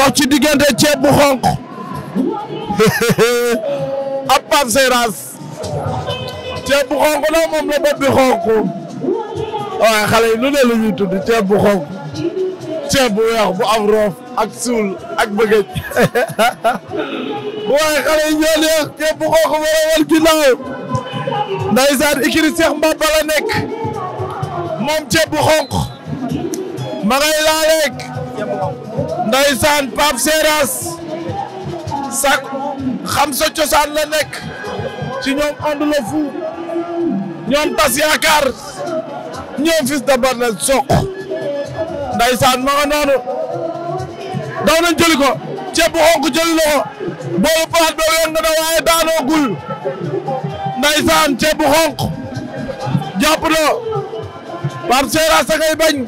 dox ci diggante ceeb bu xonq ab Pape Seras ceeb bu xonq na moom la bopp xonq waaye xale yi lu ne lu ñuy tudd ceeb bu xonq ceeb bu weex bu am roof ak suul ak bëggëj waaye xale yi ñoo neex ceeb bu xonq war a war ginnaaw ndaysaan ikiri Seex Mbaba la nekk moom ceeb bu xonq ma ngay laa lekk ndeysaan Pape Seras sak xam sa cosaan la nekk ci ñoom ànd la fu ñoom tas yaakaar ñoom fils de Balla soq ndeysaan ma nga noonu daw nañ jëli ko ceeb bu xonk jëli na ko boobu paat boobu yoon nga ne waaye daanoo gul ndeysaan ceeb bu xonk jàpp na Pape Seras a ngay bañ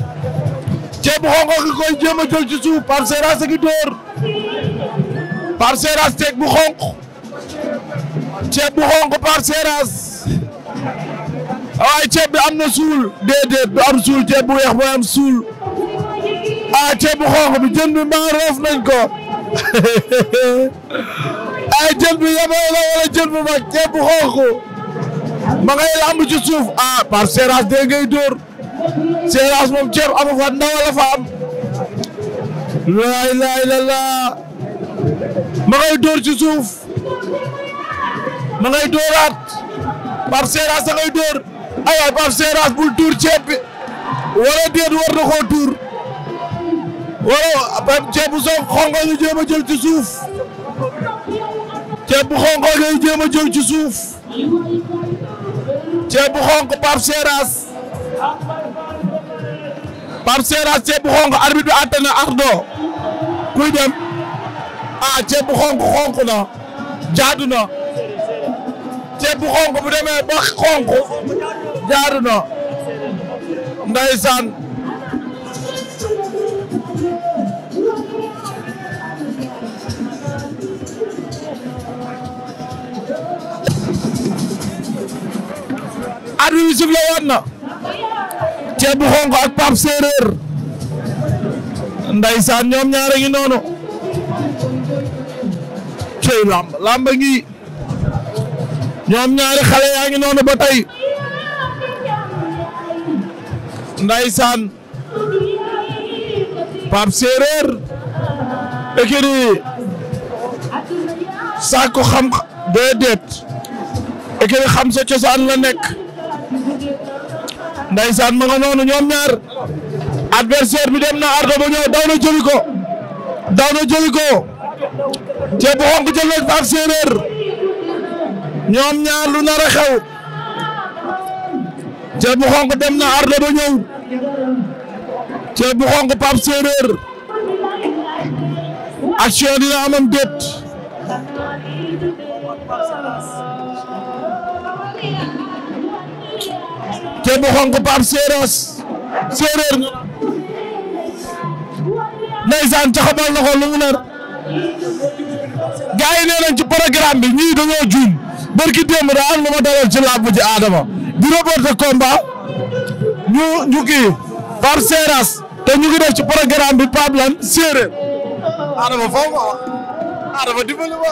ceeb bu xonq gi koy jéem a jël ci suuf Pape Seras a ngi dóor bu xonq ceeb bu xonq Pape ceeb bi am na suul déedéet du am suul ceeb bu weex mooy am suul ceeb bu xonq bi jën bi mbaa roof nañ ko ay jën bi yaboo la wala ma ci suuf ah Pape dee ngay dóor. Seras moom ceeb amu fa ndaw la fa am. laa ilaaha illallaah ma ngay door ci suuf ma ngay dooraat Pape Seras a ngay door ay waay Pape Seras bul tuur ceeb bi wala déet war na koo tuur wala ceeb bu soog xongo ñu jéem a jël ci suuf ceeb bu xongo ñu jéem a jël ci suuf ceeb bu xongo Pape Seras Pape Seras ceeb bu xonq arbitre bi àtte Ardo kuy dem ah ceeb bu xonq xonq na jaadu na ceeb bu xonq bu demee ba xonq jaadu na ndeysaan arbitre bi siflé woon na ceeb bu xonq ak ñoom ñaar a ngi noonu cey lamb lamb ngi ñoom ñaari xale yaa ngi noonu ba tay ndaysan Pape Séeréer ékiri saako xam déedéet ékiri xam sa cosaan la nekk ndaysaan ma nga noonu ñoom ñaar adversaire bi dem na ardo ba ñëw daw na jëli ko daw na jëli ko séeréer ñoom ñaar lu nar a xew ceeb dem na ardo ba ñëw ceeb bu xonk pap séeréer action dina amam déet te bu xonk Pape Séeréer Séeréer ñu ndeysaan caxabal na ko lu mu nar gars yi nee nañ ci programme bi ñii dañoo juum barki démb daa am lu ma dalal ci làmb ji Adama di reporté combat ñu ñu kii Pape Séeréer te ñu ngi def ci programme bi Pape lan Séeréer Adama foofu ma wax Adama dimbali ma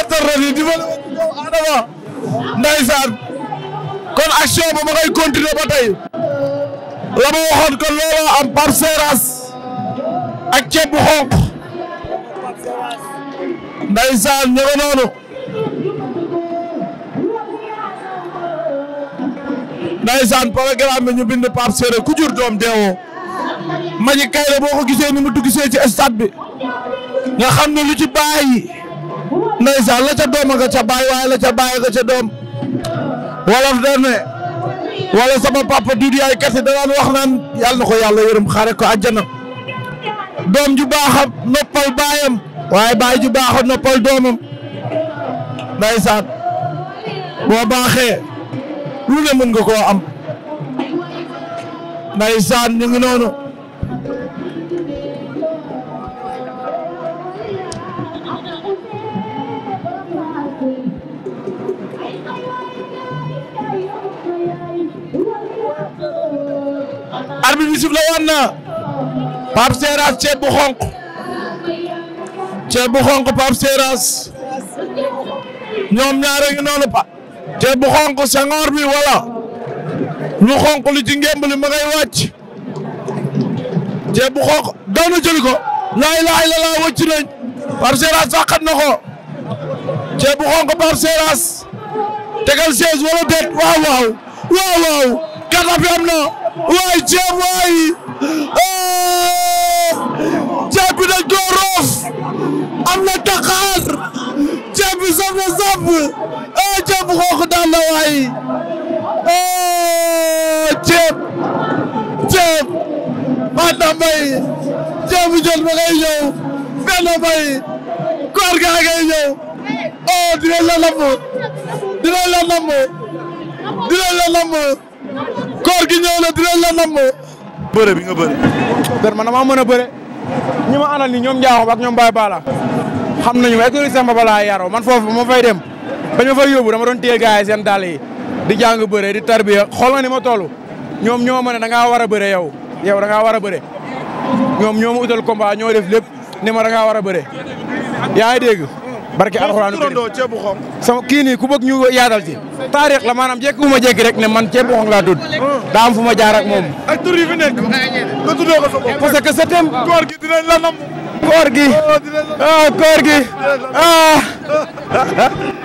internet yi Adama ndeysaan kon action ba ma ngay continuer ba tey la ma waxoon kon looloo am Pape Seras ak ceeb bu xonq ndeysaan ñu nga noonu ndeysaan programme bi ñu bind Pape doom deewoo Mbagnick Kaïré boo ko gisee ni mu duggisee ci stade bi nga xam ne lu ci bàyyi ndeysaan la ca doom a nga ca bàyyi la ca bàyyi nga ca doom wolof daan wala sama papa Doudou Yaye Kassé da daan wax naan yàlla na ko yàlla yërëm xaare ko àjjana doom ju baaxam noppal baayam waaye baay ju baaxam noppal doomam ndeysaan boo baaxee lu ne mën nga koo am ndeysaan ñu noonu arbitre bi siflé woon na ceeb bu xonq ceeb bu xonq Pape Seras ñoom ngi noonu pa ceeb bu xonq sangoor bi wala ñu xonq li ci ngemb li ma ngay ceeb bu xonq daw na jëli ko laay laay la laa nañ Pape Seras fàqat na ko ceeb bu xonq Pape Seras tegal wala déet waaw waaw waaw waaw katapi na waay jéem waay ceeb eh, bi dañ koo roof am na taxaar ceeb bi saf na saf ceeb eh, bu xoox daan na waay ceeb eh, ceeb Matam Mbaye ceeb bu jot ba ngay ñëw benn mbay koor gaa ngay ñëw oh dinañ la namm dinañ la namm dinañ la namm koor gi ñëw na dinañ la namm. bëre bi nga bëre. dër man damaa mën a bëre. ñi ma àndal ni ñoom Ndiakhoum ak ñoom Baye Bala xam nañu ma école Samba Bala yaroo man foofu ma fay dem bañ ma fay yóbbu dama doon téye gars yi seen yi di jàng bëre di tarbiya xool nga ni ma toll ñoom ñoo ma ne da ngaa war a bëre yow yow da ngaa war a bëre ñoom ñoo ma utal combat ñoo def lépp ni ma da ngaa war a bëre yaa ngi dégg barke alxuraan ceebu xonq sama kii nii ku bëgg ñu yaatal ci taarix la maanaam jékkiwuma jékki rek ne man ceebu xonq laa tudd daa am fu ma jaar ak moom parce que sa thème koor gi dinañ la nam koor